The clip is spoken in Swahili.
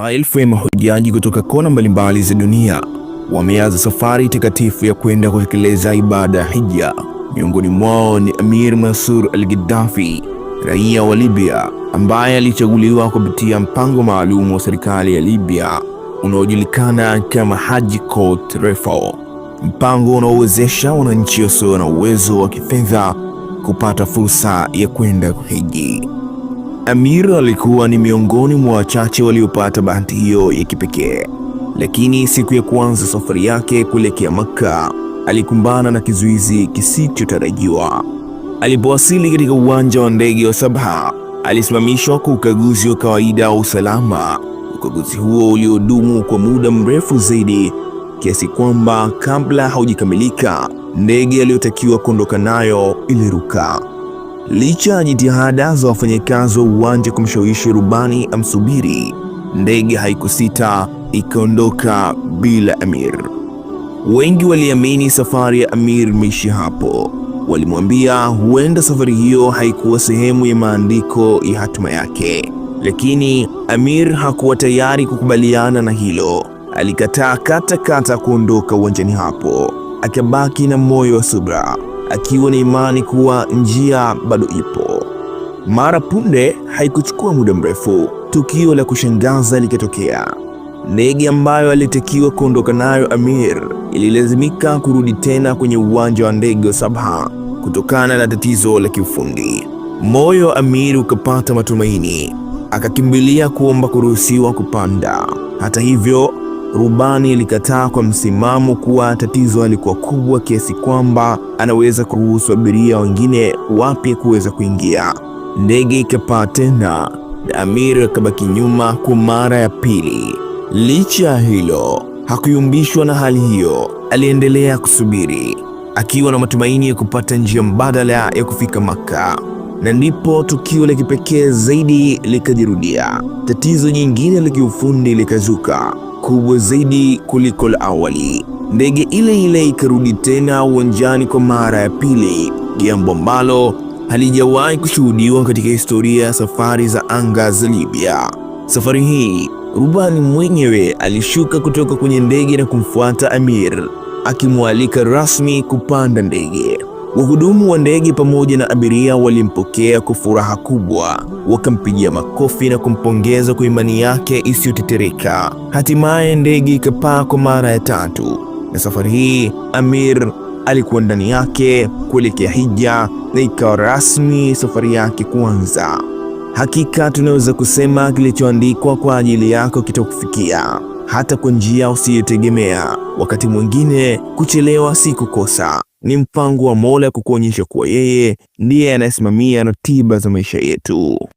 Maelfu ya mahujaji kutoka kona mbalimbali za dunia wameanza safari takatifu ya kwenda kutekeleza ibada ya hija. Miongoni mwao ni Amir Mansur al-Gaddafi, raia wa Libya ambaye alichaguliwa kupitia mpango maalum wa serikali ya Libya unaojulikana kama Haji Court Refo, mpango unaowezesha wananchi wasio na uwezo wa kifedha kupata fursa ya kwenda kuhiji. Amir alikuwa ni miongoni mwa wachache waliopata bahati hiyo ya kipekee, lakini siku ya kwanza safari yake kuelekea Makka alikumbana na kizuizi kisichotarajiwa. Alipowasili katika uwanja wa ndege wa Sabha, alisimamishwa kwa ukaguzi wa kawaida wa usalama, ukaguzi huo uliodumu kwa muda mrefu zaidi kiasi kwamba kabla haujakamilika ndege aliyotakiwa kuondoka nayo iliruka. Licha ya jitihada za wafanyakazi wa uwanja kumshawishi rubani amsubiri, ndege haikusita, ikaondoka bila Amir. Wengi waliamini safari ya Amir mishi hapo. Walimwambia huenda safari hiyo haikuwa sehemu ya maandiko ya hatima yake, lakini Amir hakuwa tayari kukubaliana na hilo. Alikataa kata katakata kuondoka uwanjani hapo, akabaki na moyo wa subra akiwa na imani kuwa njia bado ipo. Mara punde, haikuchukua muda mrefu, tukio la kushangaza likatokea. Ndege ambayo alitakiwa kuondoka nayo Amir ililazimika kurudi tena kwenye uwanja wa ndege wa Sabha kutokana na tatizo la kiufundi. Moyo wa Amir ukapata matumaini, akakimbilia kuomba kuruhusiwa kupanda. Hata hivyo Rubani alikataa kwa msimamo kuwa tatizo alikuwa kubwa kiasi kwamba anaweza kuruhusu abiria wengine wapya kuweza kuingia. Ndege ikapaa tena na Amir akabaki nyuma kwa mara ya pili. Licha ya hilo, hakuyumbishwa na hali hiyo, aliendelea kusubiri akiwa na matumaini ya kupata njia mbadala ya kufika Makka. Na ndipo tukio la kipekee zaidi likajirudia. Tatizo jingine la kiufundi likazuka kubwa zaidi kuliko la awali. Ndege ile ile ikarudi tena uwanjani kwa mara ya pili, jambo ambalo halijawahi kushuhudiwa katika historia ya safari za anga za Libya. Safari hii rubani mwenyewe alishuka kutoka kwenye ndege na kumfuata Amir, akimwalika rasmi kupanda ndege. Wahudumu wa ndege pamoja na abiria walimpokea kwa furaha kubwa, wakampigia makofi na kumpongeza kwa imani yake isiyotetereka. Hatimaye ndege ikapaa kwa mara ya tatu, na safari hii Amir alikuwa ndani yake kuelekea Hija, na ikawa rasmi safari yake kuanza. Hakika tunaweza kusema kilichoandikwa kwa ajili yako kitakufikia hata kwa njia usiyotegemea. Wakati mwingine kuchelewa si kukosa, ni mpango wa Mola kukuonyesha kuwa yeye ndiye anayesimamia ratiba za maisha yetu.